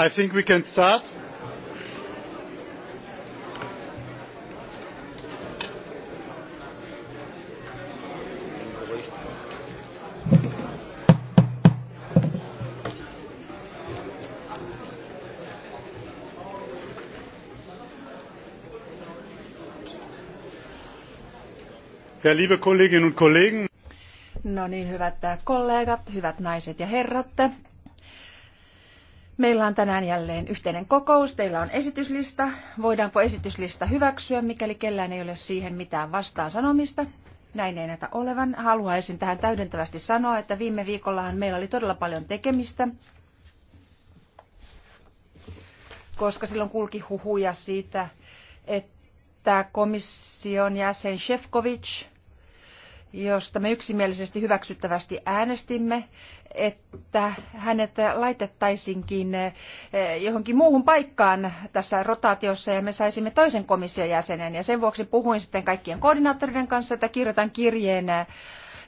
I think we can start. Ja, liebe Kolleginnen und Kollegen. No niin, hyvät kollegat, hyvät naiset ja herrat. Meillä on tänään jälleen yhteinen kokous. Teillä on esityslista. Voidaanko esityslista hyväksyä, mikäli kellään ei ole siihen mitään vastaan sanomista? Näin ei näitä olevan. Haluaisin tähän täydentävästi sanoa, että viime viikollahan meillä oli todella paljon tekemistä, koska silloin kulki huhuja siitä, että komission jäsen Shefkovic josta me yksimielisesti hyväksyttävästi äänestimme, että hänet laitettaisinkin eh, johonkin muuhun paikkaan tässä rotaatiossa ja me saisimme toisen komission jäsenen. Ja sen vuoksi puhuin sitten kaikkien koordinaattoriden kanssa, että kirjoitan kirjeen eh,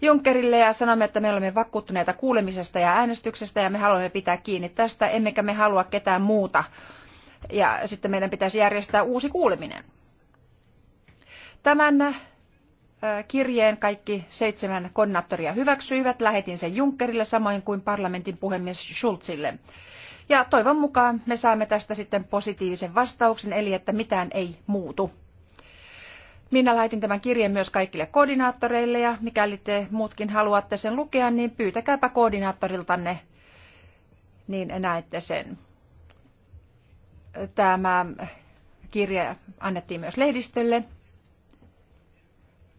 Junckerille ja sanomme, että me olemme vakuuttuneita kuulemisesta ja äänestyksestä ja me haluamme pitää kiinni tästä, emmekä me halua ketään muuta. Ja sitten meidän pitäisi järjestää uusi kuuleminen. Tämän kirjeen kaikki seitsemän konnattoria hyväksyivät. Lähetin sen Junckerille samoin kuin parlamentin puhemies Schulzille. Ja toivon mukaan me saamme tästä sitten positiivisen vastauksen, eli että mitään ei muutu. Minä lähetin tämän kirjeen myös kaikille koordinaattoreille ja mikäli te muutkin haluatte sen lukea, niin pyytäkääpä koordinaattoriltanne, niin näette sen. Tämä kirje annettiin myös lehdistölle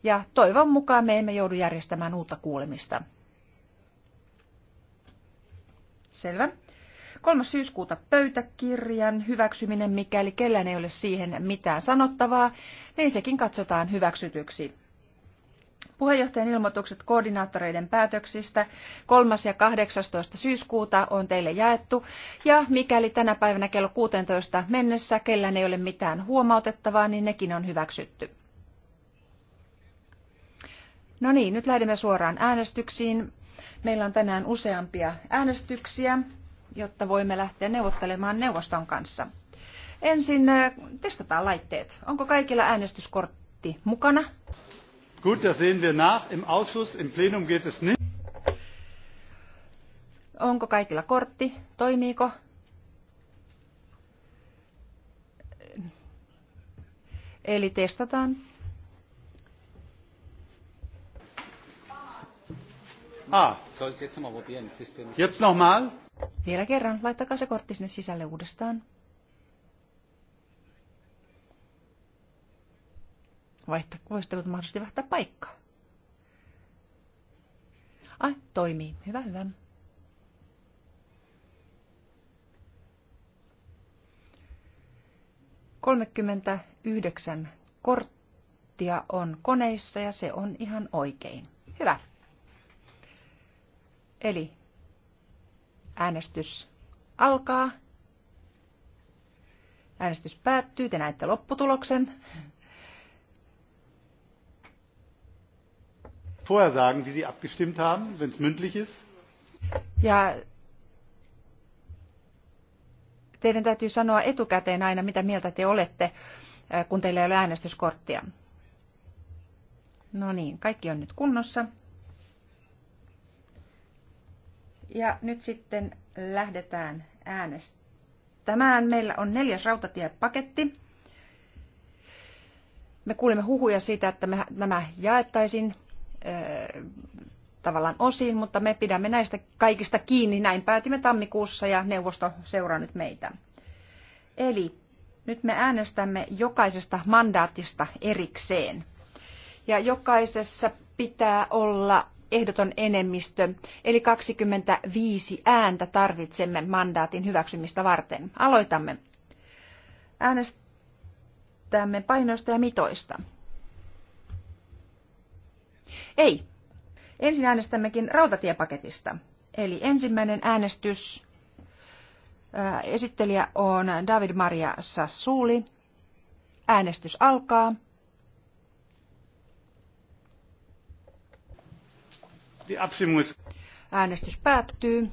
ja toivon mukaan me emme joudu järjestämään uutta kuulemista. Selvä. 3. syyskuuta pöytäkirjan hyväksyminen, mikäli kellään ei ole siihen mitään sanottavaa, niin sekin katsotaan hyväksytyksi. Puheenjohtajan ilmoitukset koordinaattoreiden päätöksistä 3. ja 18. syyskuuta on teille jaettu, ja mikäli tänä päivänä kello 16 mennessä kellään ei ole mitään huomautettavaa, niin nekin on hyväksytty. No niin, nyt lähdemme suoraan äänestyksiin. Meillä on tänään useampia äänestyksiä, jotta voimme lähteä neuvottelemaan neuvoston kanssa. Ensin äh, testataan laitteet. Onko kaikilla äänestyskortti mukana? Gut, sehen wir nach. Im Ausschuss, im Plenum geht es nicht. Onko kaikilla kortti? Toimiiko? Eli testataan Ah. Jetzt nochmal. Vielä kerran. Laittakaa se kortti sinne sisälle uudestaan. Vaihta, voisitteko mahdollisesti vaihtaa paikkaa? Ai, toimii. Hyvä, hyvä. Kolmekymmentä yhdeksän korttia on koneissa ja se on ihan oikein. Hyvä. Eli äänestys alkaa. Äänestys päättyy. Te näette lopputuloksen. Vorher sagen, wie Sie abgestimmt haben, wenn es mündlich ist. Ja teidän täytyy sanoa etukäteen aina, mitä mieltä te olette, äh, kun teillä ei ole äänestyskorttia. No niin, kaikki on nyt kunnossa. Ja nyt sitten lähdetään äänestämään. Meillä on neljäs rautatiepaketti. Me kuulimme huhuja siitä, että me, nämä jaettaisiin ö, äh, tavallaan osiin, mutta me pidämme näistä kaikista kiinni. Näin päätimme tammikuussa ja neuvosto seuraa nyt meitä. Eli nyt me äänestämme jokaisesta mandaatista erikseen. Ja jokaisessa pitää olla ehdoton enemmistö, eli 25 ääntä tarvitsemme mandaatin hyväksymistä varten. Aloitamme. Äänestämme painoista ja mitoista. Ei. Ensin äänestämmekin rautatiepaketista. Eli ensimmäinen äänestys. Esittelijä on David Maria Sassuli. Äänestys alkaa. Äänestys päättyy.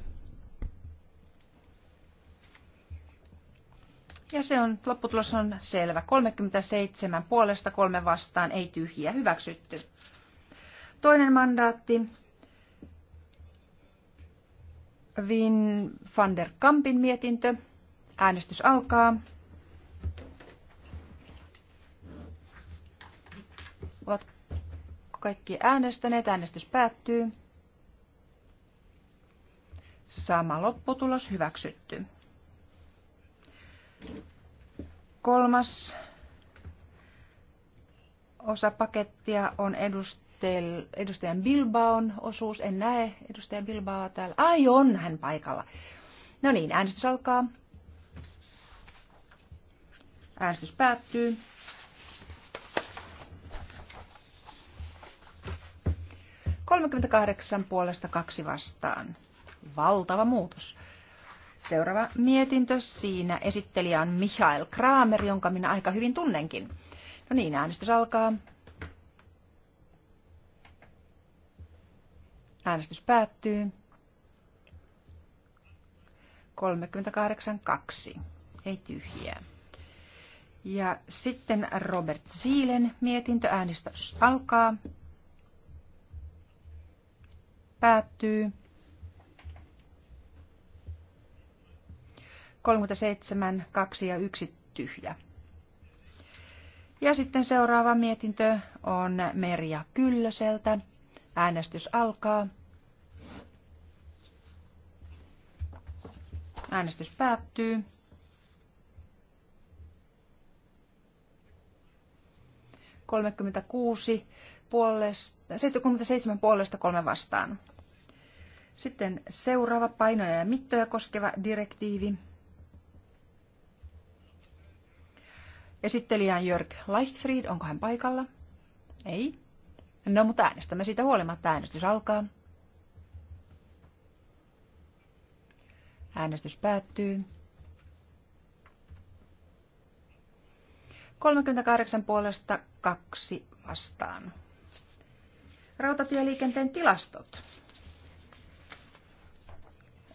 Ja se on, lopputulos on selvä. 37 puolesta, kolme vastaan, ei tyhjiä, hyväksytty. Toinen mandaatti. Vin van der Kampin mietintö. Äänestys alkaa. Ovat Ovatko kaikki äänestäneet? Äänestys päättyy. Sama lopputulos hyväksytty. Kolmas osa pakettia on edustajan Bilbaon osuus. En näe edustajan Bilbaa täällä. Ai on hän paikalla. No niin, äänestys alkaa. Äänestys päättyy. 38 puolesta kaksi vastaan. Valtava muutos. Seuraava mietintö. Siinä esittelijä on Michael Kramer, jonka minä aika hyvin tunnenkin. No niin, äänestys alkaa. Äänestys päättyy. 38.2. Ei tyhjää. Ja sitten Robert Siilen mietintö. Äänestys alkaa päättyy. 37, 2 ja 1 tyhjä. Ja sitten seuraava mietintö on Merja Kyllöseltä. Äänestys alkaa. Äänestys päättyy. 36, puolesta, 77 puolesta kolme vastaan. Sitten seuraava painoja ja mittoja koskeva direktiivi. Esittelijä on Jörg Leichtfried. Onko hän paikalla? Ei. No, mutta äänestämme siitä huolimatta. Äänestys alkaa. Äänestys päättyy. 38 puolesta kaksi vastaan. Rautatieliikenteen tilastot.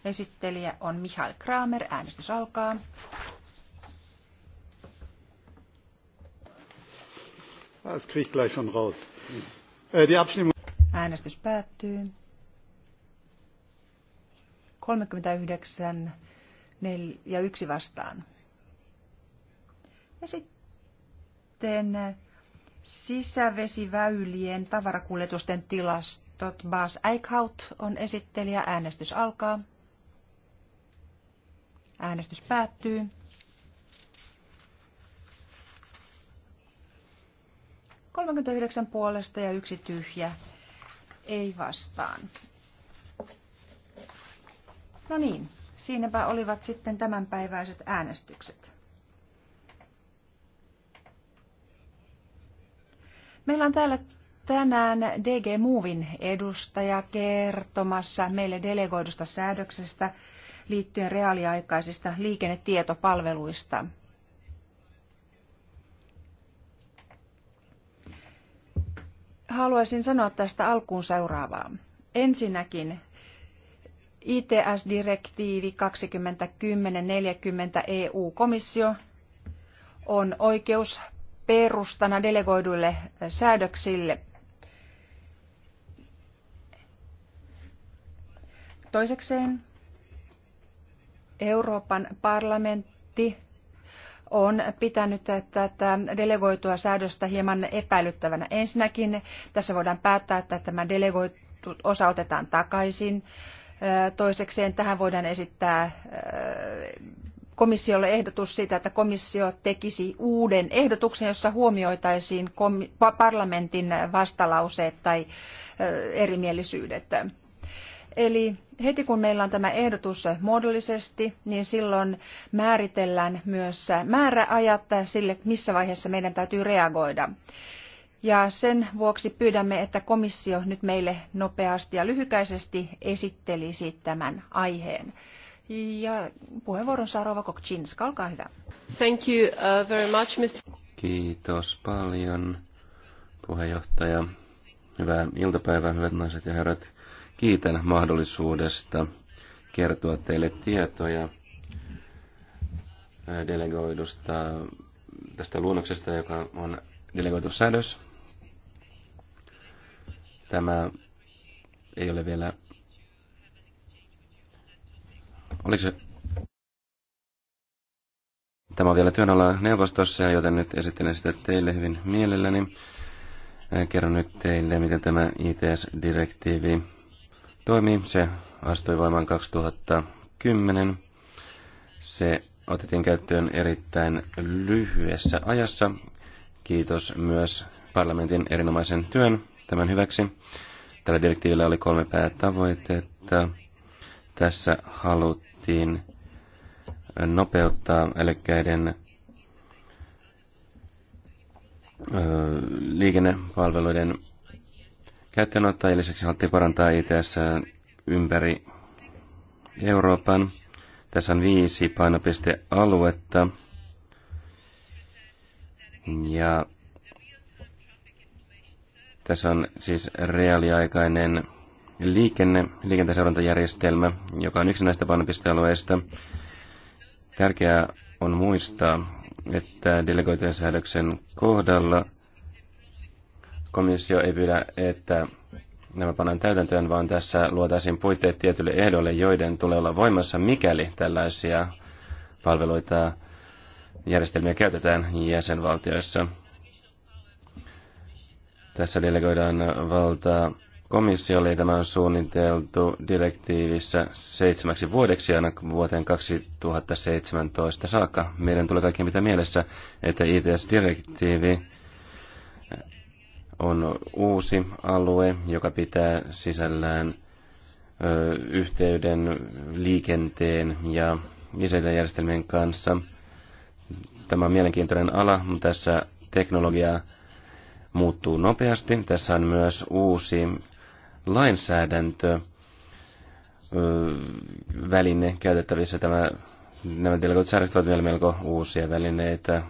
Esittelijä on Mihail Kramer. Äänestys alkaa. Ah, das kriegt gleich schon raus. Äh, die Abstimmung. Äänestys päättyy. 39 ja yksi vastaan. Ja sitten Sisävesiväylien tavarakuljetusten tilastot. Baas Eichhout on esittelijä. Äänestys alkaa. Äänestys päättyy. Kolmekymmentäyhdeksän puolesta ja yksi tyhjä. Ei vastaan. No niin, siinäpä olivat sitten tämänpäiväiset äänestykset. Meillä on täällä tänään DG Movin edustaja kertomassa meille delegoidusta säädöksestä liittyen reaaliaikaisista liikennetietopalveluista. Haluaisin sanoa tästä alkuun seuraavaa. Ensinnäkin ITS-direktiivi 2010-40 EU-komissio on oikeus perustana delegoiduille eh, säädöksille. Toisekseen Euroopan parlamentti on pitänyt eh, tätä delegoitua säädöstä hieman epäilyttävänä. Ensinnäkin tässä voidaan päättää, että tämä delegoitu osa otetaan takaisin. Eh, toisekseen tähän voidaan esittää komissiolle ehdotus siitä, että komissio tekisi uuden ehdotuksen, jossa huomioitaisiin parlamentin vastalauseet tai erimielisyydet. Eli heti kun meillä on tämä ehdotus muodollisesti, niin silloin määritellään myös määräajat sille, missä vaiheessa meidän täytyy reagoida. Ja sen vuoksi pyydämme, että komissio nyt meille nopeasti ja lyhykäisesti esittelisi tämän aiheen. Ja puheenvuoron saa Rova Kokczynska, olkaa hyvä. Thank you uh, very much, Mr. Kiitos paljon, puheenjohtaja. Hyvää iltapäivää, hyvät naiset ja herrat. Kiitän mahdollisuudesta kertoa teille tietoja delegoidusta tästä luonnoksesta, joka on delegoitu säädös. Tämä ei ole vielä Oliko se... Tämä on vielä työn alla neuvostossa, joten nyt esittelen sitä teille hyvin mielelläni. Kerron nyt teille, miten tämä ITS-direktiivi toimii. Se astui voimaan 2010. Se otettiin käyttöön erittäin lyhyessä ajassa. Kiitos myös parlamentin erinomaisen työn tämän hyväksi. Tällä direktiivillä oli kolme päätavoitetta. Tässä halut haluttiin nopeuttaa älykkäiden liikennepalveluiden käyttöönottoa ja lisäksi haluttiin parantaa ITS ympäri Euroopan. Tässä on viisi painopistealuetta. Ja tässä on siis reaaliaikainen liikenne, liikenteseurantajärjestelmä, joka on yksi näistä painopistealueista. Tärkeää on muistaa, että delegoitujen säädöksen kohdalla komissio ei pyydä, että nämä pannaan täytäntöön, vaan tässä luotaisiin puitteet tietylle ehdolle, joiden tulee olla voimassa, mikäli tällaisia palveluita järjestelmiä käytetään jäsenvaltioissa. Tässä delegoidaan valtaa Komissiolle tämä on suunniteltu direktiivissä seitsemäksi vuodeksi aina vuoteen 2017 saakka. Meidän tulee kaikki mitä mielessä, että ITS-direktiivi on uusi alue, joka pitää sisällään ö, yhteyden liikenteen ja ict-järjestelmien kanssa. Tämä on mielenkiintoinen ala, mutta tässä teknologia muuttuu nopeasti. Tässä on myös uusi lainsäädäntö väline käytettävissä. Tämä, nämä delegoidut säädökset ovat vielä melko uusia välineitä.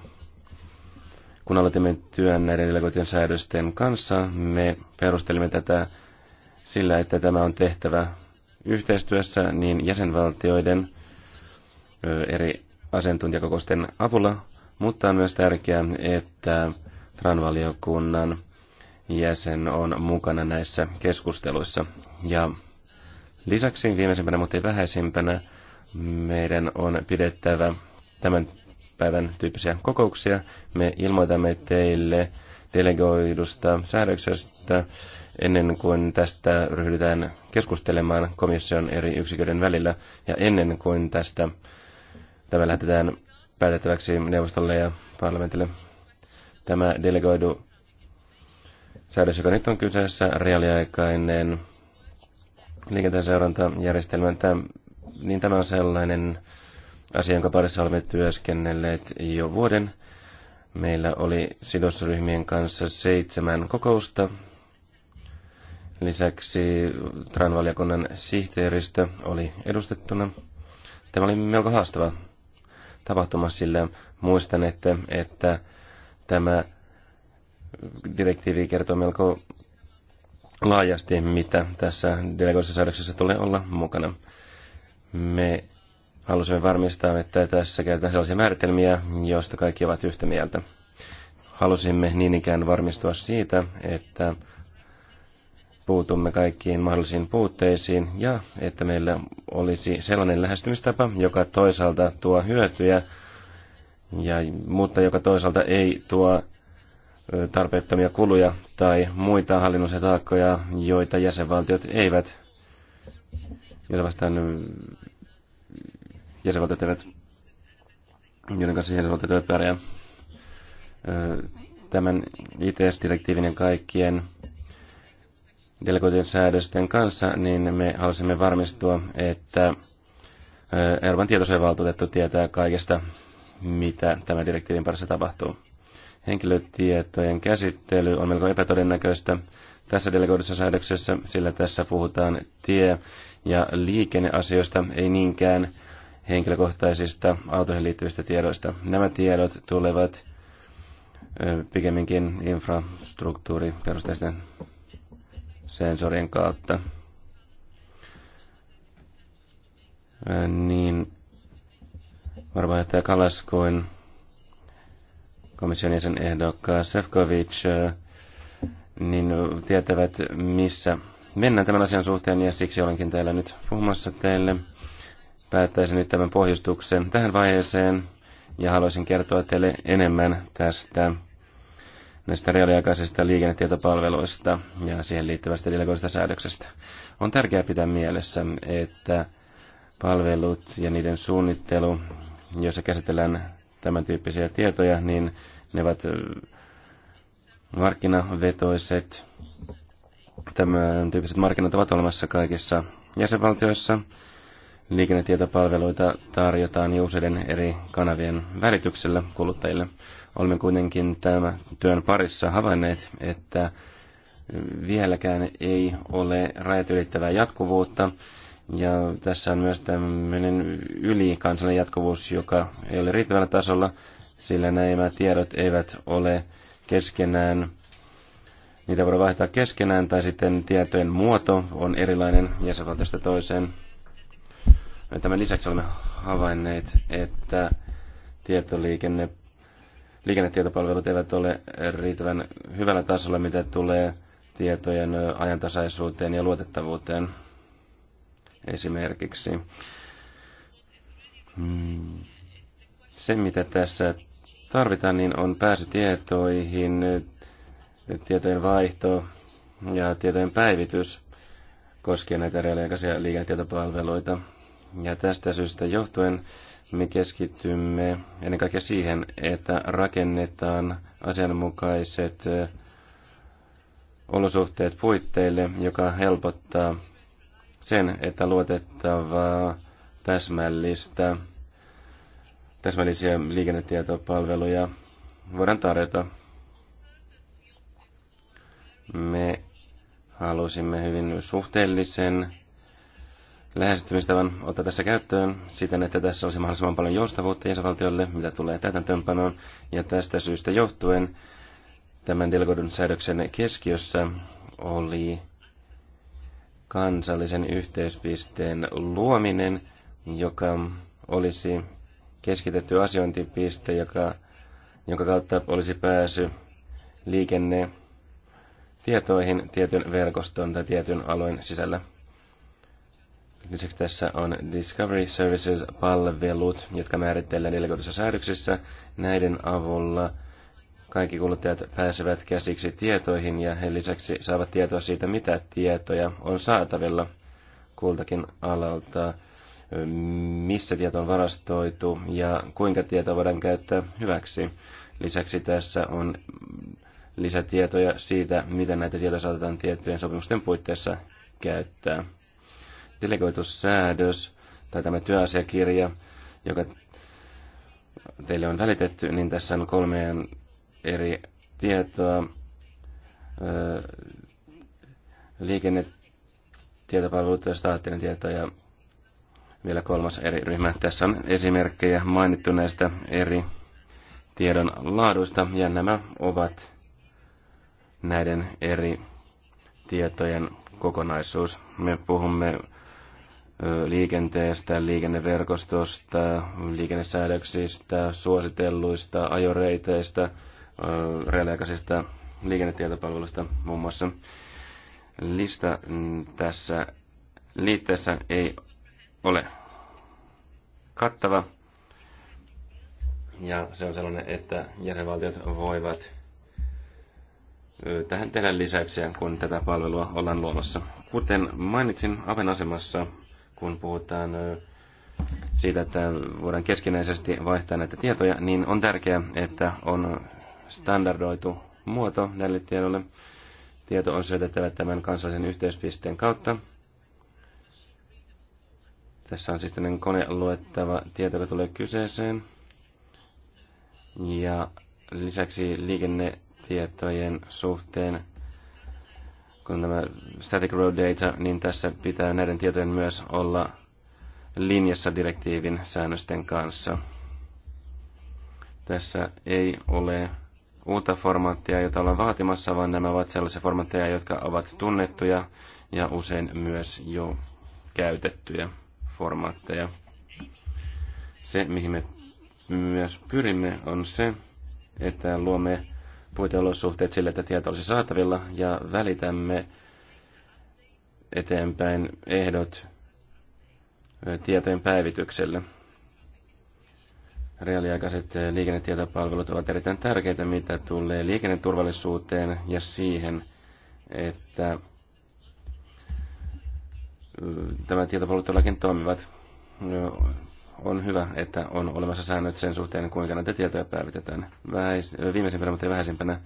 Kun aloitimme työn näiden delegoitujen säädösten kanssa, me perustelimme tätä sillä, että tämä on tehtävä yhteistyössä niin jäsenvaltioiden eri asiantuntijakokousten avulla, mutta on myös tärkeää, että Tranvaliokunnan valiokunnan jäsen on mukana näissä keskusteluissa. Ja lisäksi viimeisimpänä, mutta ei vähäisimpänä, meidän on pidettävä tämän päivän tyyppisiä kokouksia. Me ilmoitamme teille delegoidusta säädöksestä ennen kuin tästä ryhdytään keskustelemaan komission eri yksiköiden välillä ja ennen kuin tästä tämä lähetetään päätettäväksi neuvostolle ja parlamentille. Tämä delegoidu Säädös, joka nyt on kyseessä, reaaliaikainen liikenteen seurantajärjestelmä, niin tämä on sellainen asia, jonka parissa olemme työskennelleet jo vuoden. Meillä oli sidosryhmien kanssa seitsemän kokousta. Lisäksi Tran-valiokunnan sihteeristö oli edustettuna. Tämä oli melko haastava tapahtuma, sillä muistan, että, että tämä direktiivi kertoo melko laajasti, mitä tässä delegoissa säädöksessä tulee olla mukana. Me halusimme varmistaa, että tässä käytetään sellaisia määritelmiä, joista kaikki ovat yhtä mieltä. Halusimme niin ikään varmistua siitä, että puutumme kaikkiin mahdollisiin puutteisiin ja että meillä olisi sellainen lähestymistapa, joka toisaalta tuo hyötyjä, ja, mutta joka toisaalta ei tuo tarpeettomia kuluja tai muita hallinnollisia taakkoja, joita jäsenvaltiot eivät, joita vastaan jäsenvaltiot eivät, joiden kanssa jäsenvaltiot eivät pärjää. Tämän ITS-direktiivin ja kaikkien delegoitujen säädösten kanssa, niin me halusimme varmistua, että Euroopan tietosuojavaltuutettu tietää kaikesta, mitä tämän direktiivin parissa tapahtuu. Henkilötietojen käsittely on melko epätodennäköistä tässä delegoidussa säädöksessä, sillä tässä puhutaan tie- ja liikenneasioista, ei niinkään henkilökohtaisista autoihin liittyvistä tiedoista. Nämä tiedot tulevat pikemminkin infrastruktuuriperusteisten sensorien kautta. Niin varmaan että Kalaskoin komission jäsen Ehdokkaa Sefcovic niin tietävät, missä mennään tämän asian suhteen, ja siksi olenkin täällä nyt puhumassa teille. Päättäisin nyt tämän pohjustuksen tähän vaiheeseen, ja haluaisin kertoa teille enemmän tästä näistä reaaliaikaisista liikennetietopalveluista ja siihen liittyvästä delegoista säädöksestä. On tärkeää pitää mielessä, että palvelut ja niiden suunnittelu, joissa käsitellään tämän tyyppisiä tietoja, niin ne ovat markkinavetoiset. Tämän tyyppiset markkinat ovat olemassa kaikissa jäsenvaltioissa. Liikennetietopalveluita tarjotaan jo useiden eri kanavien välityksellä kuluttajille. Olemme kuitenkin tämän työn parissa havainneet, että vieläkään ei ole rajat ylittävää jatkuvuutta ja tässä on myös tämmöinen ylikansallinen jatkuvuus, joka ei ole riittävällä tasolla, sillä nämä tiedot eivät ole keskenään, niitä voidaan vaihtaa keskenään, tai sitten tietojen muoto on erilainen jäsenvaltiosta toiseen. Tämän lisäksi olemme havainneet, että tietoliikenne, liikennetietopalvelut eivät ole riittävän hyvällä tasolla, mitä tulee tietojen ajantasaisuuteen ja luotettavuuteen esimerkiksi. Hmm. Se, mitä tässä tarvitaan, niin on pääsy tietoihin, tietojen vaihto ja tietojen päivitys koskien näitä reaaliaikaisia liikennetietopalveluita. Ja tästä syystä johtuen me keskitymme ennen kaikkea siihen, että rakennetaan asianmukaiset eh, olosuhteet puitteille, joka helpottaa sen, että luotettavaa, täsmällistä, täsmällisiä liikennetietopalveluja voidaan tarjota. Me halusimme hyvin suhteellisen lähestymistavan ottaa tässä käyttöön siten, että tässä olisi mahdollisimman paljon joustavuutta jäsenvaltiolle, mitä tulee täytäntöönpanoon, ja tästä syystä johtuen tämän delegoidun säädöksen keskiössä oli kansallisen yhteyspisteen luominen, joka olisi keskitetty asiointipiste, joka, jonka kautta olisi pääsy liikenne tietoihin tietyn verkoston tai tietyn alueen sisällä. Lisäksi tässä on Discovery Services-palvelut, jotka määritellään delegoidussa säädöksessä. Näiden avulla kaikki kuluttajat pääsevät käsiksi tietoihin ja he lisäksi saavat tietoa siitä, mitä tietoja on saatavilla kultakin alalta, missä tieto on varastoitu ja kuinka tietoa voidaan käyttää hyväksi. Lisäksi tässä on lisätietoja siitä, miten näitä tietoja saatetaan tiettyjen sopimusten puitteissa käyttää. Delegoitussäädös tai tämä työasiakirja, joka teille on välitetty, niin tässä on kolmeen eri tietoa liikennetietopalveluita ja staattinen tieto ja vielä kolmas eri ryhmä. Tässä on esimerkkejä mainittu näistä eri tiedon laaduista ja nämä ovat näiden eri tietojen kokonaisuus. Me puhumme liikenteestä, liikenneverkostosta, liikennesäädöksistä, suositelluista ajoreiteistä – reaaliaikaisista liikennetietopalveluista muun muassa. Lista mm, tässä liitteessä ei ole kattava. Ja se on sellainen, että jäsenvaltiot voivat tähän tehdä lisäyksiä, kun tätä palvelua ollaan luomassa. Kuten mainitsin Aven asemassa, kun puhutaan siitä, että voidaan keskinäisesti vaihtaa näitä tietoja, niin on tärkeää, että on standardoitu muoto näille tiedolle. Tieto on syötettävä tämän kansallisen yhteyspisteen kautta. Tässä on siis tämmöinen koneluettava tieto, joka tulee kyseeseen. Ja lisäksi liikennetietojen suhteen, kun tämä static road data, niin tässä pitää näiden tietojen myös olla linjassa direktiivin säännösten kanssa. Tässä ei ole uutta formaattia, jota ollaan vaatimassa, vaan nämä ovat sellaisia formaatteja, jotka ovat tunnettuja ja usein myös jo käytettyjä formaatteja. Se, mihin me myös pyrimme, on se, että luomme puiteolosuhteet sille, että tieto olisi saatavilla ja välitämme eteenpäin ehdot tietojen päivitykselle reaaliaikaiset eh, liikennetietopalvelut ovat erittäin tärkeitä, mitä tulee liikenneturvallisuuteen ja siihen, että eh, tämä tietopalvelut todellakin toimivat. Eh, on hyvä, että on olemassa säännöt sen suhteen, kuinka näitä tietoja päivitetään. Vähäis, viimeisimpänä, mutta ei vähäisimpänä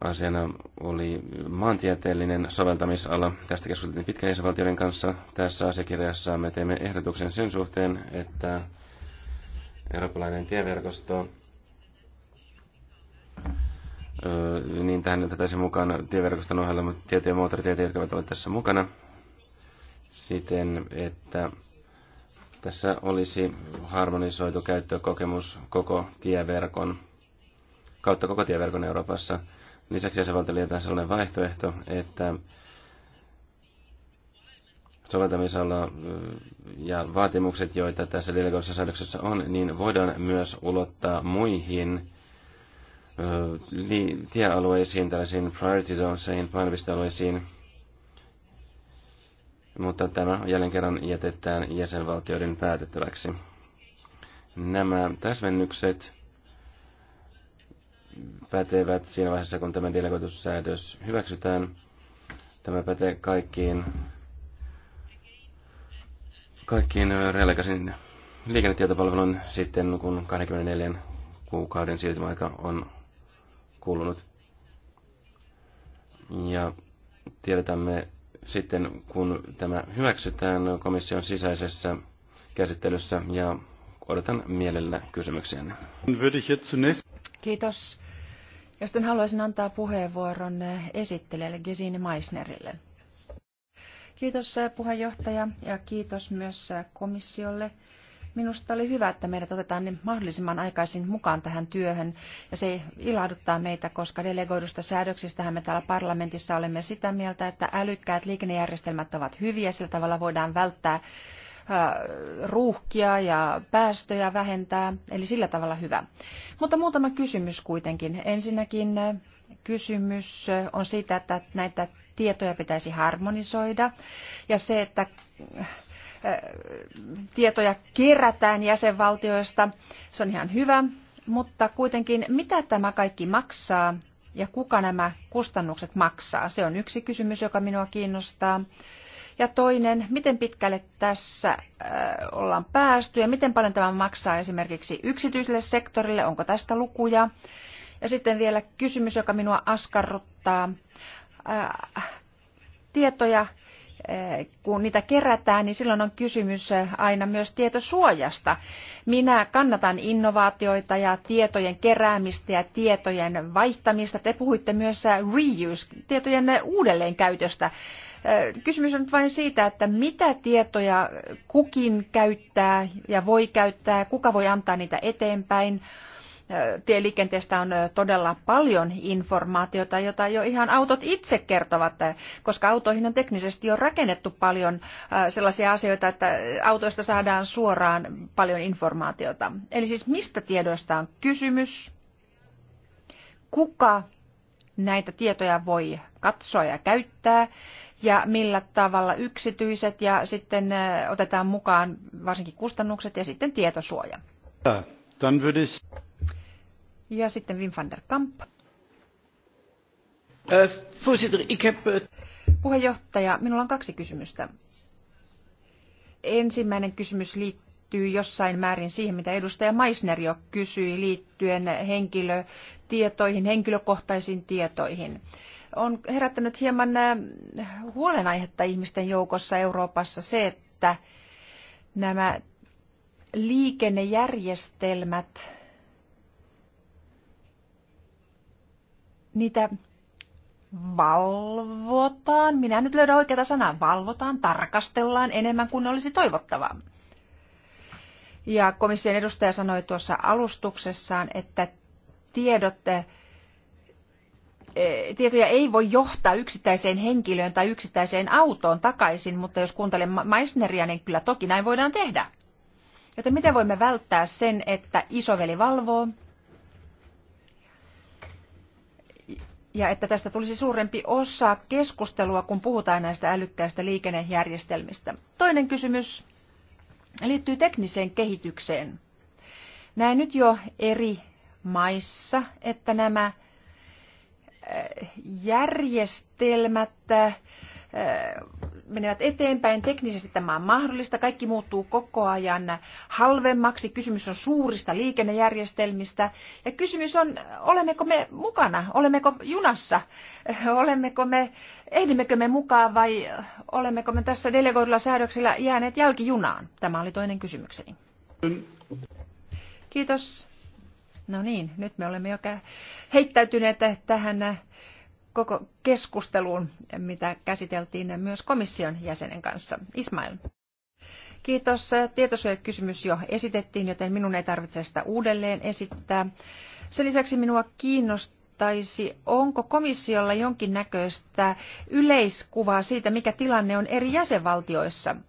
asiana oli maantieteellinen soveltamisala. Tästä keskusteltiin pitkän kanssa. Tässä asiakirjassa me teemme ehdotuksen sen suhteen, että eurooppalainen tieverkosto, niin tähän otettaisiin mukaan tieverkoston ohella, tietoja moottoritietoja, jotka ovat tässä mukana, siten että tässä olisi harmonisoitu käyttökokemus koko tieverkon, kautta koko tieverkon Euroopassa. Lisäksi jäsenvaltiolla on sellainen vaihtoehto, että soveltamisala ja vaatimukset, joita tässä delegoidussa säädöksessä on, niin voidaan myös ulottaa muihin tiealueisiin, tällaisiin priority zonesiin, painopistealueisiin, mutta tämä jälleen kerran jätetään jäsenvaltioiden päätettäväksi. Nämä täsmennykset pätevät siinä vaiheessa, kun tämä delegoitussäädös hyväksytään. Tämä pätee kaikkiin kaikkiin relegasin liikennetietopalvelun sitten, kun 24 kuukauden siirtymäaika on kulunut. Ja tiedetämme sitten, kun tämä hyväksytään komission sisäisessä käsittelyssä ja odotan mielellä kysymyksiä. Kiitos. Ja sitten haluaisin antaa puheenvuoron esittelijälle Gesine Meissnerille. Kiitos puheenjohtaja ja kiitos myös komissiolle. Minusta oli hyvä, että meidät otetaan niin mahdollisimman aikaisin mukaan tähän työhön ja se ilahduttaa meitä, koska delegoidusta säädöksistähän me täällä parlamentissa olemme sitä mieltä, että älykkäät liikennejärjestelmät ovat hyviä, sillä tavalla voidaan välttää ruuhkia ja päästöjä vähentää, eli sillä tavalla hyvä. Mutta muutama kysymys kuitenkin. Ensinnäkin kysymys on siitä, että näitä tietoja pitäisi harmonisoida ja se, että äh, tietoja kerätään jäsenvaltioista, se on ihan hyvä, mutta kuitenkin mitä tämä kaikki maksaa ja kuka nämä kustannukset maksaa, se on yksi kysymys, joka minua kiinnostaa. Ja toinen, miten pitkälle tässä äh, ollaan päästy ja miten paljon tämä maksaa esimerkiksi yksityiselle sektorille, onko tästä lukuja. Ja sitten vielä kysymys, joka minua askarruttaa tietoja, kun niitä kerätään, niin silloin on kysymys aina myös tietosuojasta. Minä kannatan innovaatioita ja tietojen keräämistä ja tietojen vaihtamista. Te puhuitte myös reuse, tietojen uudelleenkäytöstä. Kysymys on nyt vain siitä, että mitä tietoja kukin käyttää ja voi käyttää, kuka voi antaa niitä eteenpäin tieliikenteestä on todella paljon informaatiota, jota jo ihan autot itse kertovat, koska autoihin on teknisesti jo rakennettu paljon sellaisia asioita, että autoista saadaan suoraan paljon informaatiota. Eli siis mistä tiedoista on kysymys? Kuka näitä tietoja voi katsoa ja käyttää ja millä tavalla yksityiset ja sitten otetaan mukaan varsinkin kustannukset ja sitten tietosuoja. Ja, dann würde ich... Ja sitten Wim van der Kamp. Eh, eh, Puheenjohtaja, minulla on kaksi kysymystä. Ensimmäinen kysymys liittyy jossain määrin siihen, mitä edustaja Meissner jo kysyi liittyen henkilötietoihin, henkilökohtaisiin tietoihin on herättänyt hieman eh, huolenaihetta ihmisten joukossa Euroopassa se, että nämä liikennejärjestelmät niitä valvotaan, minä nyt löydän oikeata sanaa, valvotaan, tarkastellaan enemmän kuin olisi toivottavaa. Ja komission edustaja sanoi tuossa alustuksessaan, että tiedot, eh, tietoja ei voi johtaa yksittäiseen henkilöön tai yksittäiseen autoon takaisin, mutta jos kuuntelen Meissneria, niin kyllä toki näin voidaan tehdä. Joten miten voimme välttää sen, että isoveli valvoo, ja että tästä tulisi suurempi osa keskustelua, kun puhutaan näistä älykkäistä liikennejärjestelmistä. Toinen kysymys liittyy tekniseen kehitykseen. Näin nyt jo eri maissa, että nämä äh, järjestelmät äh, menevät eteenpäin. Teknisesti tämä on mahdollista. Kaikki muuttuu koko ajan halvemmaksi. Kysymys on suurista liikennejärjestelmistä. Ja kysymys on, olemmeko me mukana? Olemmeko junassa? Olemmeko me, ehdimmekö me mukaan vai olemmeko me tässä delegoidulla säädöksellä jääneet jälkijunaan? Tämä oli toinen kysymykseni. Kiitos. No niin, nyt me olemme jo heittäytyneet tähän koko keskusteluun, mitä käsiteltiin myös komission jäsenen kanssa. Ismail. Kiitos. Tietosuojakysymys jo esitettiin, joten minun ei tarvitse sitä uudelleen esittää. Sen lisäksi minua kiinnostaisi, onko komissiolla jonkinnäköistä yleiskuvaa siitä, mikä tilanne on eri jäsenvaltioissa –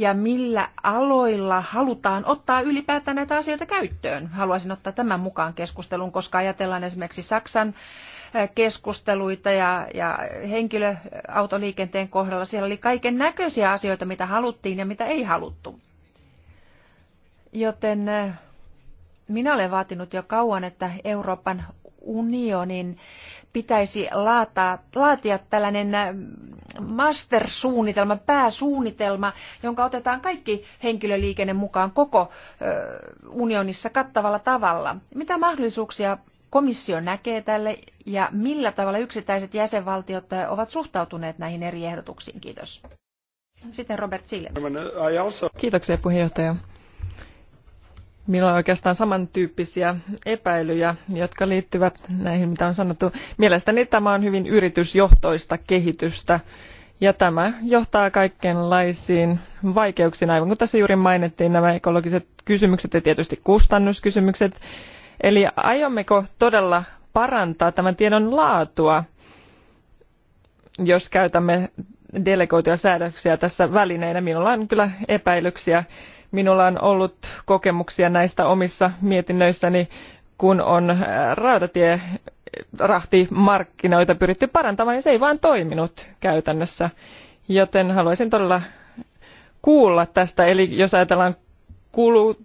ja millä aloilla halutaan ottaa ylipäätään näitä asioita käyttöön. Haluaisin ottaa tämän mukaan keskustelun, koska ajatellaan esimerkiksi Saksan eh, keskusteluita ja, ja henkilöautoliikenteen kohdalla. Siellä oli kaiken näköisiä asioita, mitä haluttiin ja mitä ei haluttu. Joten eh, minä olen vaatinut jo kauan, että Euroopan unionin pitäisi laataa, laatia tällainen äh, mastersuunnitelma, pääsuunnitelma, jonka otetaan kaikki henkilöliikenne mukaan koko äh, unionissa kattavalla tavalla. Mitä mahdollisuuksia komissio näkee tälle ja millä tavalla yksittäiset jäsenvaltiot äh, ovat suhtautuneet näihin eri ehdotuksiin? Kiitos. Sitten Robert Sille. Kiitoksia puheenjohtaja. Minulla on oikeastaan samantyyppisiä epäilyjä, jotka liittyvät näihin, mitä on sanottu. Mielestäni tämä on hyvin yritysjohtoista kehitystä ja tämä johtaa kaikenlaisiin vaikeuksiin, aivan kuten tässä juuri mainittiin nämä ekologiset kysymykset ja tietysti kustannuskysymykset. Eli aiommeko todella parantaa tämän tiedon laatua, jos käytämme delegoituja säädöksiä tässä välineinä? Minulla on kyllä epäilyksiä Minulla on ollut kokemuksia näistä omissa mietinnöissäni, kun on äh, rautatie rahtimarkkinoita pyritty parantamaan, niin se ei vaan toiminut käytännössä. Joten haluaisin todella kuulla tästä, eli jos ajatellaan kulu,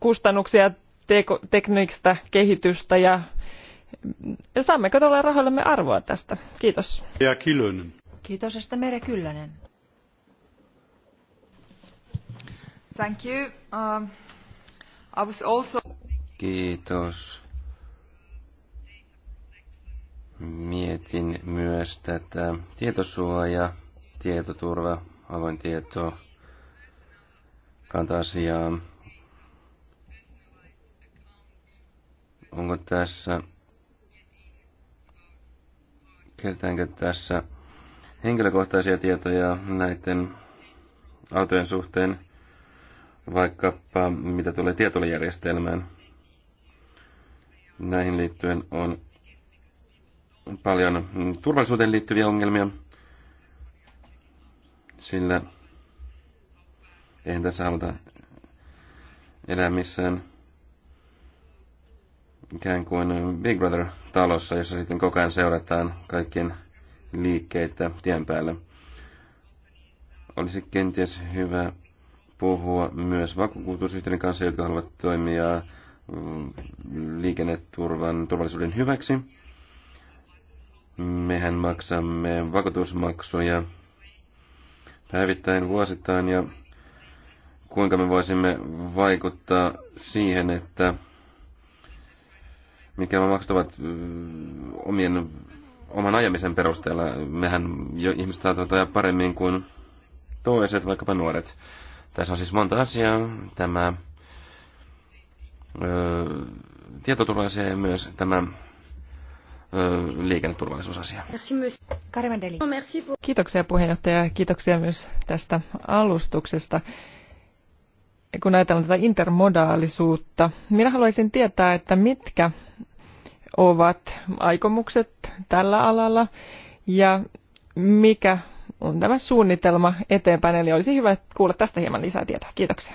kustannuksia, teko, tekniikstä, kehitystä ja, ja saammeko tuolla rahoillemme arvoa tästä? Kiitos. Ja Kilönen. Kiitos, että Mere Kyllönen. Thank you. Um, I was also... Kiitos. Mietin myös tätä tietosuoja, tietoturva, avoin tieto, kanta-asiaa. Onko tässä, kertäänkö tässä henkilökohtaisia tietoja näiden autojen suhteen? vaikkapa mitä tulee tietojärjestelmään. Näihin liittyen on paljon turvallisuuteen liittyviä ongelmia, sillä eihän tässä haluta elää missään ikään kuin Big Brother-talossa, jossa sitten koko ajan seurataan kaikkien liikkeitä tien päälle. Olisi kenties hyvä puhua myös vakuutusyhtiöiden kanssa, jotka haluavat toimia mm, liikenneturvan turvallisuuden hyväksi. Mehän maksamme vakuutusmaksuja päivittäin vuosittain ja kuinka me voisimme vaikuttaa siihen, että mikä me maksavat mm, omien, oman ajamisen perusteella. Mehän jo ihmiset saattavat ajaa paremmin kuin toiset, vaikkapa nuoret. Tässä on siis monta asiaa. Tämä öö, tietoturvallisuus ja myös tämä liikenneturvallisuusasia. Kiitoksia puheenjohtaja ja kiitoksia myös tästä alustuksesta. Kun ajatellaan tätä intermodaalisuutta, minä haluaisin tietää, että mitkä ovat aikomukset tällä alalla ja mikä on tämä suunnitelma eteenpäin, eli olisi hyvä kuulla tästä hieman lisää tietoa. Kiitoksia.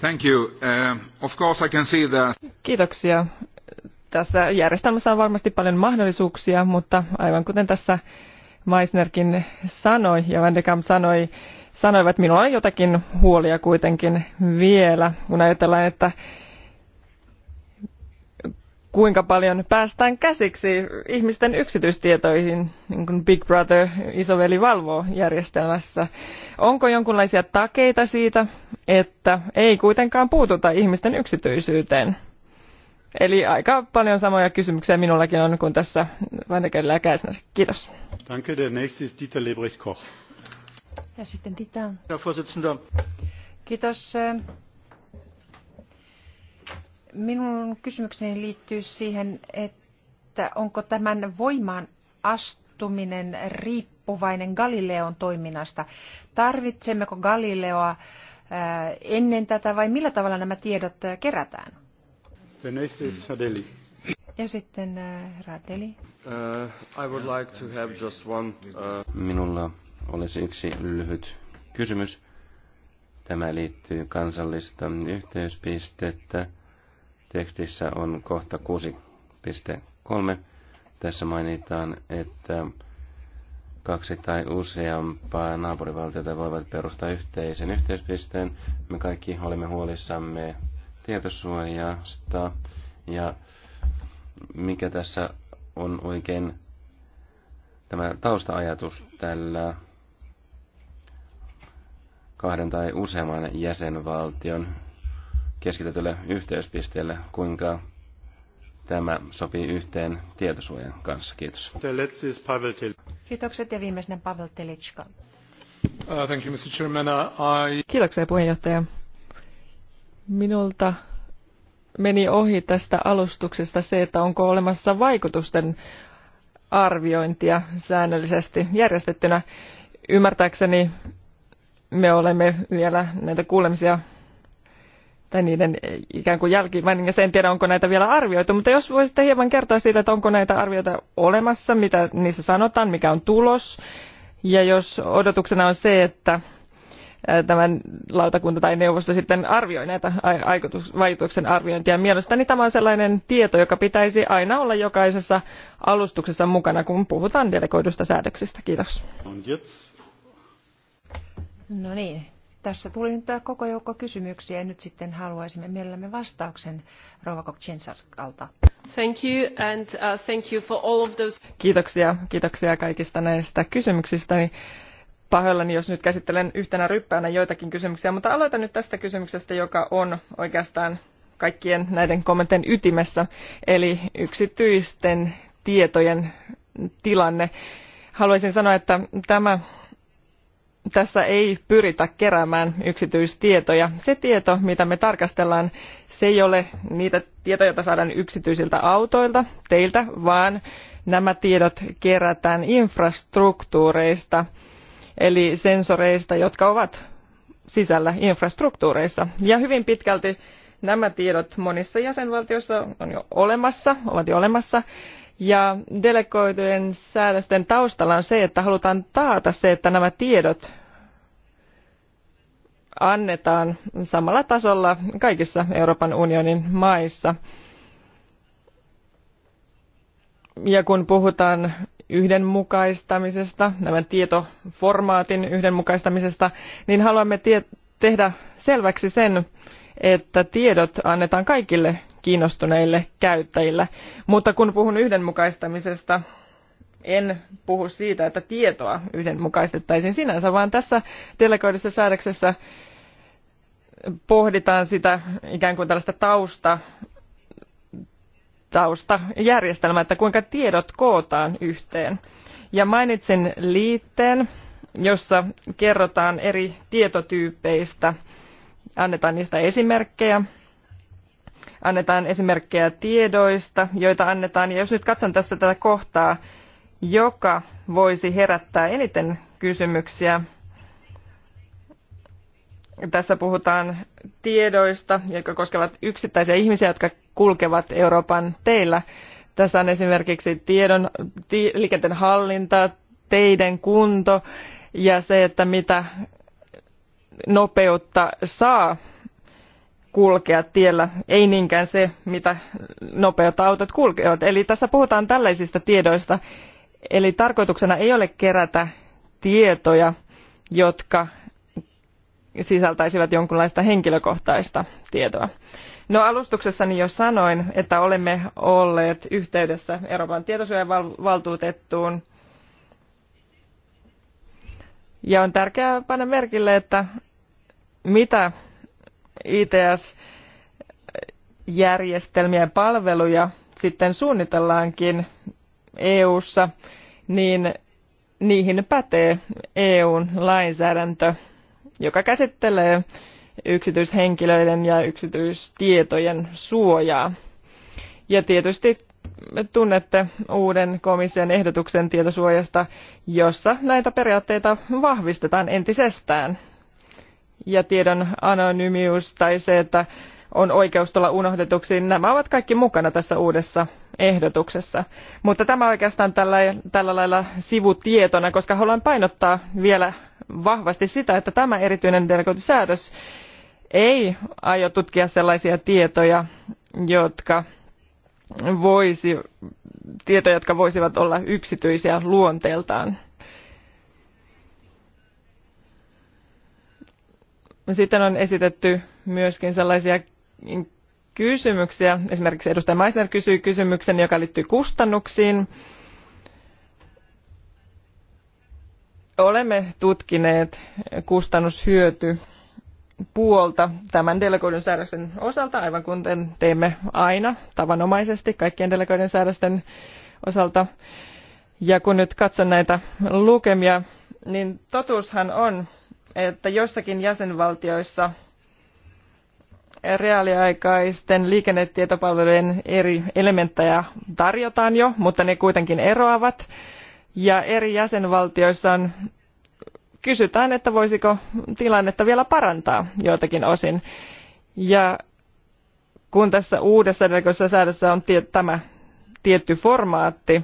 Thank you. Uh, of course I can see that. Kiitoksia. Tässä järjestelmässä on varmasti paljon mahdollisuuksia, mutta aivan kuten tässä Meissnerkin sanoi ja Van de Kamp sanoi, sanoivat, minulla on jotakin huolia kuitenkin vielä, kun ajatellaan, että kuinka paljon päästään käsiksi ihmisten yksityistietoihin, niin kuin Big Brother, isoveli valvoo järjestelmässä. Onko jonkinlaisia takeita siitä, että ei kuitenkaan puututa ihmisten yksityisyyteen? Eli aika paljon samoja kysymyksiä minullakin on kuin tässä Vannekellä ja Käsner. Kiitos. Danke, der nächste ist Dieter Lebrecht-Koch. Ja sitten Dieter. Herr Vorsitzender. Kiitos eh, Minun kysymykseni liittyy siihen, että onko tämän voimaan astuminen riippuvainen Galileon toiminnasta. Tarvitsemmeko Galileoa ennen tätä vai millä tavalla nämä tiedot kerätään? Ja sitten Radeli. Uh, I would like to have just one, uh... Minulla olisi yksi lyhyt kysymys. Tämä liittyy kansallista yhteyspistettä Tekstissä on kohta 6.3. Tässä mainitaan, että kaksi tai useampaa naapurivaltiota voivat perustaa yhteisen yhteispisteen. Me kaikki olemme huolissamme tietosuojasta ja mikä tässä on oikein tämä taustaajatus tällä kahden tai useamman jäsenvaltion keskitetylle yhteyspisteelle, kuinka tämä sopii yhteen tietosuojan kanssa. Kiitos. Kiitokset ja viimeisenä Pavel Telitschka. Uh, thank you, Mr. Chairman. Uh, I... Kiitoksia puheenjohtaja. Minulta meni ohi tästä alustuksesta se, että onko olemassa vaikutusten arviointia säännöllisesti järjestettynä. Ymmärtääkseni me olemme vielä näitä kuulemisia tai niiden eh, ikään kuin jälki, mä niin, en tiedä onko näitä vielä arvioitu, mutta jos voisitte hieman kertoa siitä, että onko näitä arvioita olemassa, mitä niissä sanotaan, mikä on tulos, ja jos odotuksena on se, että eh, tämä lautakunta tai neuvosto sitten arvioi näitä vaikutuksen arviointia. Mielestäni tämä on sellainen tieto, joka pitäisi aina olla jokaisessa alustuksessa mukana, kun puhutaan delegoidusta säädöksistä. Kiitos. No niin, tässä tuli nyt koko joukko kysymyksiä ja nyt sitten haluaisimme mielellämme vastauksen Rova Kokchinsaskalta. Thank you and uh, thank you for all of those. Kiitoksia, kiitoksia kaikista näistä kysymyksistä. Pahoillani, jos nyt käsittelen yhtenä ryppäänä joitakin kysymyksiä, mutta aloitan nyt tästä kysymyksestä, joka on oikeastaan kaikkien näiden kommenttien ytimessä, eli yksityisten tietojen tilanne. Haluaisin sanoa, että tämä tässä ei pyritä keräämään yksityistietoja. Se tieto, mitä me tarkastellaan, se ei ole niitä tietoja, joita saadaan yksityisiltä autoilta, teiltä, vaan nämä tiedot kerätään infrastruktuureista, eli sensoreista, jotka ovat sisällä infrastruktuureissa. Ja hyvin pitkälti nämä tiedot monissa jäsenvaltioissa on jo olemassa, ovat jo olemassa, ja delegoitujen säädösten taustalla on se, että halutaan taata se, että nämä tiedot annetaan samalla tasolla kaikissa Euroopan unionin maissa. Ja kun puhutaan yhdenmukaistamisesta, tämän tietoformaatin yhdenmukaistamisesta, niin haluamme tehdä selväksi sen, että tiedot annetaan kaikille kiinnostuneille käyttäjille. Mutta kun puhun yhdenmukaistamisesta, en puhu siitä, että tietoa yhdenmukaistettaisiin sinänsä, vaan tässä delegoidussa säädöksessä pohditaan sitä ikään kuin tällaista tausta, taustajärjestelmää, että kuinka tiedot kootaan yhteen. Ja mainitsin liitteen, jossa kerrotaan eri tietotyypeistä annetaan niistä esimerkkejä, annetaan esimerkkejä tiedoista, joita annetaan. Ja jos nyt katson tässä tätä kohtaa, joka voisi herättää eniten kysymyksiä, tässä puhutaan tiedoista, jotka koskevat yksittäisiä ihmisiä, jotka kulkevat Euroopan teillä. Tässä on esimerkiksi tiedon, liikenteen hallinta, teiden kunto ja se, että mitä nopeutta saa kulkea tiellä, ei niinkään se, mitä nopeutta autot kulkevat. Eli tässä puhutaan tällaisista tiedoista. Eli tarkoituksena ei ole kerätä tietoja, jotka sisältäisivät jonkinlaista henkilökohtaista tietoa. No alustuksessani jo sanoin, että olemme olleet yhteydessä Euroopan tietosuojavaltuutettuun. Ja on tärkeää panna merkille, että mitä ITS järjestelmien palveluja sitten suunnitellaankin EU:ssa, niin niihin pätee EUn lainsäädäntö, joka käsittelee yksityishenkilöiden ja yksityistietojen suojaa. Ja tietysti tunnette uuden komission ehdotuksen tietosuojasta, jossa näitä periaatteita vahvistetaan entisestään ja tiedon anonyymius tai se, että on oikeus tulla unohdetuksi. Nämä ovat kaikki mukana tässä uudessa ehdotuksessa. Mutta tämä oikeastaan tällä, tällä lailla sivutietona, koska haluan painottaa vielä vahvasti sitä, että tämä erityinen delegointisäädös ei aio tutkia sellaisia tietoja, jotka voisi, tietoja, jotka voisivat olla yksityisiä luonteeltaan. No sitten on esitetty myöskin sellaisia kysymyksiä. Esimerkiksi edustaja Meissner kysyi kysymyksen, joka liittyy kustannuksiin. Olemme tutkineet kustannushyöty puolta tämän delegoidun säädösten osalta, aivan kuten teemme aina tavanomaisesti kaikkien delegoidun säädösten osalta. Ja kun nyt katson näitä lukemia, niin totuushan on, että jossakin jäsenvaltioissa reaaliaikaisten liikennetietopalvelujen eri elementtejä tarjotaan jo, mutta ne kuitenkin eroavat. Ja eri jäsenvaltioissa on, kysytään, että voisiko tilannetta vielä parantaa joiltakin osin. Ja kun tässä uudessa delegoissa säädössä on tie, tämä tietty formaatti,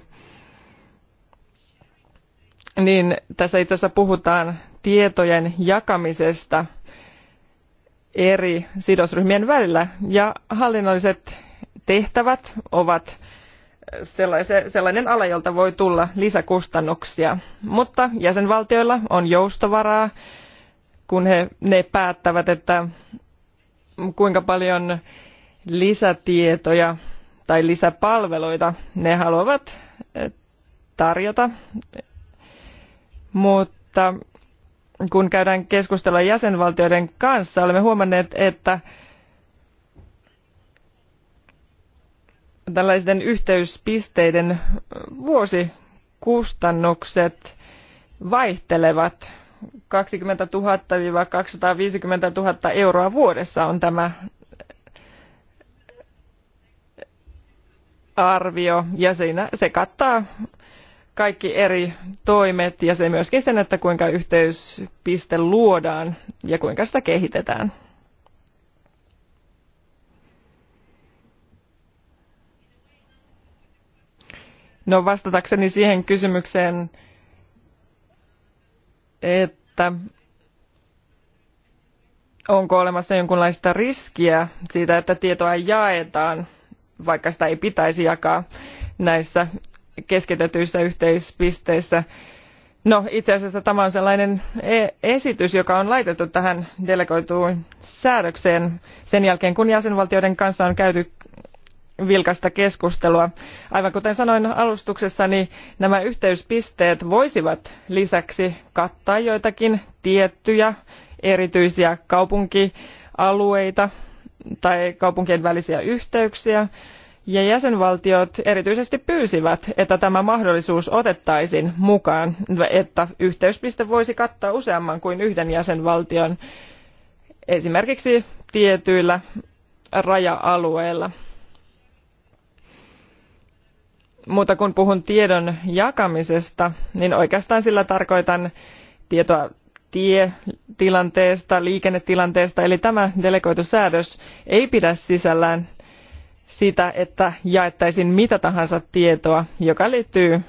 niin tässä itse asiassa puhutaan tietojen jakamisesta eri sidosryhmien välillä ja hallinnolliset tehtävät ovat sellainen ala jolta voi tulla lisäkustannuksia mutta jäsenvaltioilla on joustovaraa kun he, ne päättävät että kuinka paljon lisätietoja tai lisäpalveluita ne haluavat eh, tarjota mutta kun käydään keskustelua jäsenvaltioiden kanssa, olemme huomanneet, että tällaisten yhteyspisteiden vuosikustannukset vaihtelevat. 20 000-250 000 euroa vuodessa on tämä arvio ja siinä se kattaa kaikki eri toimet ja se myöskin sen, että kuinka yhteyspiste luodaan ja kuinka sitä kehitetään. No vastatakseni siihen kysymykseen, että onko olemassa jonkunlaista riskiä siitä, että tietoa jaetaan, vaikka sitä ei pitäisi jakaa näissä keskitetyissä yhteispisteissä. No itse asiassa tämä on sellainen e- esitys, joka on laitettu tähän delegoituun säädökseen sen jälkeen, kun jäsenvaltioiden kanssa on käyty vilkasta keskustelua. Aivan kuten sanoin alustuksessa, niin nämä yhteyspisteet voisivat lisäksi kattaa joitakin tiettyjä erityisiä kaupunkialueita tai kaupunkien välisiä yhteyksiä ja jäsenvaltiot erityisesti pyysivät, että tämä mahdollisuus otettaisiin mukaan, että yhteyspiste voisi kattaa useamman kuin yhden jäsenvaltion esimerkiksi tietyillä raja-alueilla. Mutta kun puhun tiedon jakamisesta, niin oikeastaan sillä tarkoitan tietoa tietilanteesta, liikennetilanteesta, eli tämä delegoitu säädös ei pidä sisällään sitä, että jaettaisiin mitä tahansa tietoa, joka liittyy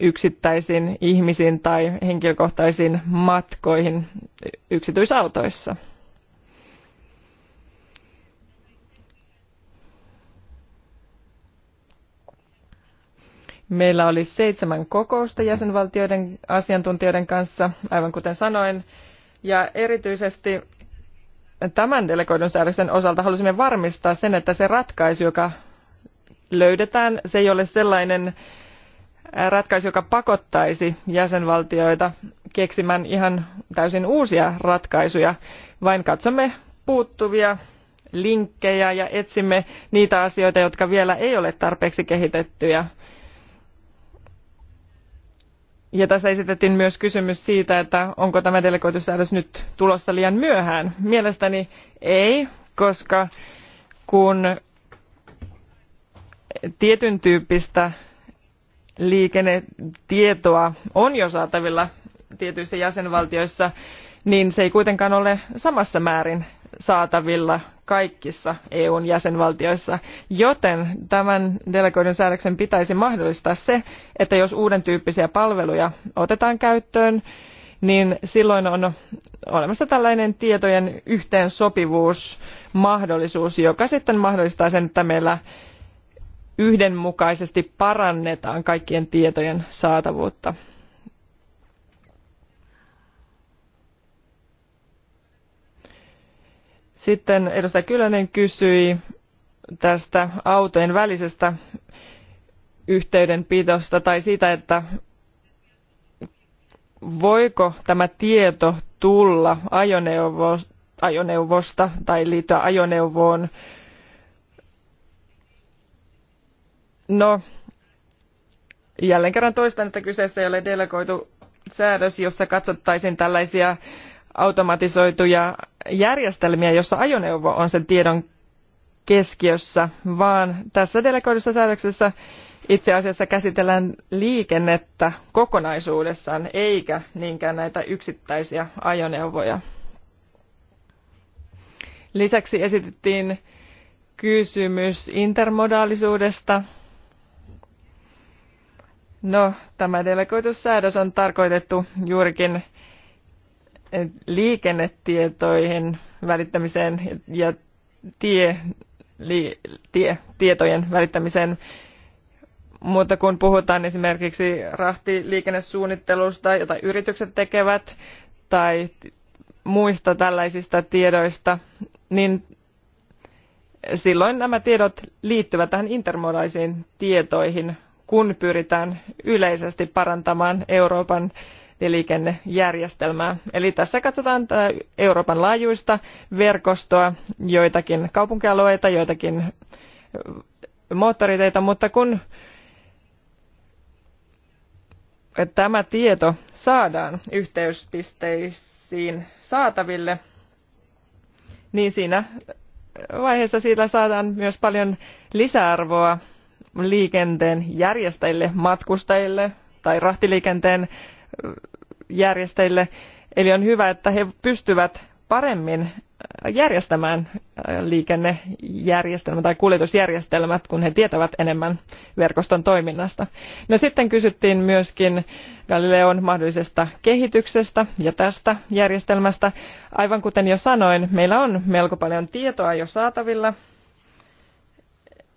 yksittäisiin ihmisiin tai henkilökohtaisiin matkoihin yksityisautoissa. Meillä oli seitsemän kokousta jäsenvaltioiden asiantuntijoiden kanssa, aivan kuten sanoin, ja erityisesti tämän delegoidun säädöksen osalta halusimme varmistaa sen, että se ratkaisu, joka löydetään, se ei ole sellainen ratkaisu, joka pakottaisi jäsenvaltioita keksimään ihan täysin uusia ratkaisuja, vain katsomme puuttuvia linkkejä ja etsimme niitä asioita, jotka vielä ei ole tarpeeksi kehitettyjä ja tässä esitettiin myös kysymys siitä, että onko tämä delegoitusäädös nyt tulossa liian myöhään. Mielestäni ei, koska kun tietyn tyyppistä liikennetietoa on jo saatavilla tietyissä jäsenvaltioissa, niin se ei kuitenkaan ole samassa määrin saatavilla kaikissa EUn jäsenvaltioissa, joten tämän delegoidun säädöksen pitäisi mahdollistaa se, että jos uuden tyyppisiä palveluja otetaan käyttöön, niin silloin on olemassa tällainen tietojen yhteensopivuusmahdollisuus, joka sitten mahdollistaa sen, että meillä yhdenmukaisesti parannetaan kaikkien tietojen saatavuutta. Sitten edustaja Kylänen kysyi tästä autojen välisestä yhteydenpidosta tai siitä, että voiko tämä tieto tulla ajoneuvosta tai liittyä ajoneuvoon. No, jälleen kerran toistan, että kyseessä ei ole delegoitu säädös, jossa katsottaisiin tällaisia automatisoituja järjestelmiä, jossa ajoneuvo on sen tiedon keskiössä, vaan tässä delegoidussa säädöksessä itse asiassa käsitellään liikennettä kokonaisuudessaan, eikä niinkään näitä yksittäisiä ajoneuvoja. Lisäksi esitettiin kysymys intermodaalisuudesta. No, tämä delegoitussäädös on tarkoitettu juurikin liikennetietoihin välittämiseen ja tie, li, tie, tietojen välittämiseen. Mutta kun puhutaan esimerkiksi rahtiliikennesuunnittelusta, jota yritykset tekevät, tai muista tällaisista tiedoista, niin silloin nämä tiedot liittyvät tähän intermodaisiin tietoihin, kun pyritään yleisesti parantamaan Euroopan liikennejärjestelmää. Eli tässä katsotaan Euroopan laajuista verkostoa, joitakin kaupunkialueita, joitakin moottoriteitä, mutta kun tämä tieto saadaan yhteyspisteisiin saataville, niin siinä vaiheessa siitä saadaan myös paljon lisäarvoa liikenteen järjestäjille, matkustajille tai rahtiliikenteen järjestäjille. Eli on hyvä, että he pystyvät paremmin järjestämään äh, liikennejärjestelmät tai kuljetusjärjestelmät, kun he tietävät enemmän verkoston toiminnasta. No sitten kysyttiin myöskin Galileon mahdollisesta kehityksestä ja tästä järjestelmästä. Aivan kuten jo sanoin, meillä on melko paljon tietoa jo saatavilla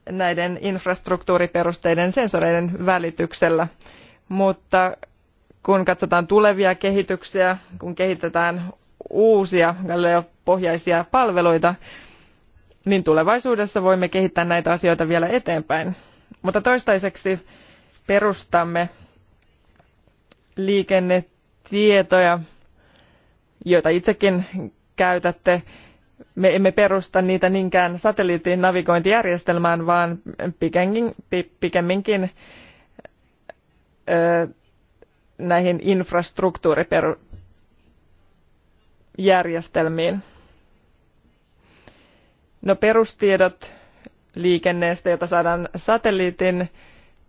näiden infrastruktuuriperusteiden sensoreiden välityksellä, mutta kun katsotaan tulevia kehityksiä, kun kehitetään uusia Galileo-pohjaisia palveluita, niin tulevaisuudessa voimme kehittää näitä asioita vielä eteenpäin. Mutta toistaiseksi perustamme liikennetietoja, joita itsekin käytätte. Me emme perusta niitä niinkään satelliitin navigointijärjestelmään, vaan pikemminkin, pikemminkin näihin infrastruktuurijärjestelmiin. No, perustiedot liikenneestä, jota saadaan satelliitin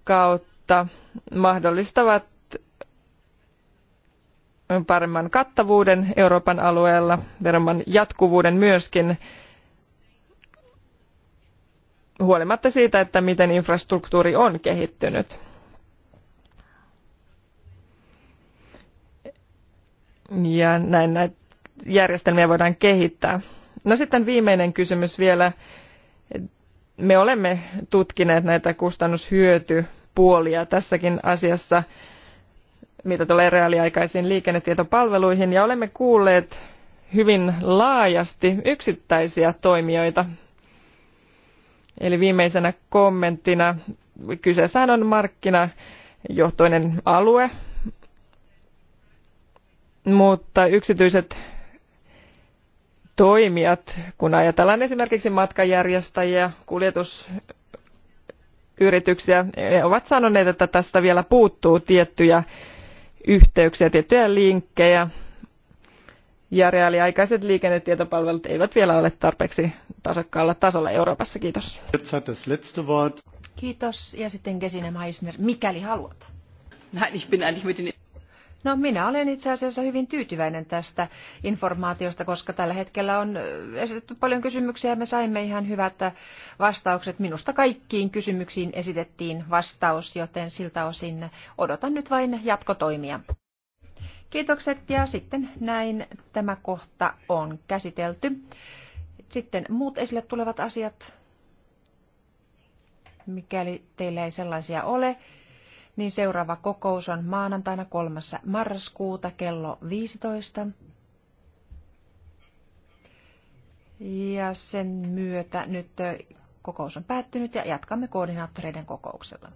kautta, mahdollistavat paremman kattavuuden Euroopan alueella, paremman jatkuvuuden myöskin, huolimatta siitä, että miten infrastruktuuri on kehittynyt. ja näin näitä järjestelmiä voidaan kehittää. No sitten viimeinen kysymys vielä. Me olemme tutkineet näitä kustannushyötypuolia tässäkin asiassa, mitä tulee reaaliaikaisiin liikennetietopalveluihin, ja olemme kuulleet hyvin laajasti yksittäisiä toimijoita. Eli viimeisenä kommenttina, kyseessä on markkinajohtoinen alue, mutta yksityiset toimijat, kun ajatellaan esimerkiksi matkanjärjestäjiä, kuljetusyrityksiä, ovat sanoneet, että tästä vielä puuttuu tiettyjä yhteyksiä, tiettyjä linkkejä. Ja reaaliaikaiset liikennetietopalvelut eivät vielä ole tarpeeksi tasokkaalla tasolla Euroopassa. Kiitos. Kiitos. Ja sitten Gesine Meisner, mikäli haluat. Nein, ich bin eigentlich mit den No minä olen itse asiassa hyvin tyytyväinen tästä informaatiosta, koska tällä hetkellä on esitetty paljon kysymyksiä ja me saimme ihan hyvät vastaukset. Minusta kaikkiin kysymyksiin esitettiin vastaus, joten siltä osin odotan nyt vain jatkotoimia. Kiitokset ja sitten näin tämä kohta on käsitelty. Sitten muut esille tulevat asiat, mikäli teillä ei sellaisia ole niin seuraava kokous on maanantaina 3. marraskuuta kello 15. Ja sen myötä nyt kokous on päättynyt ja jatkamme koordinaattoreiden kokouksella.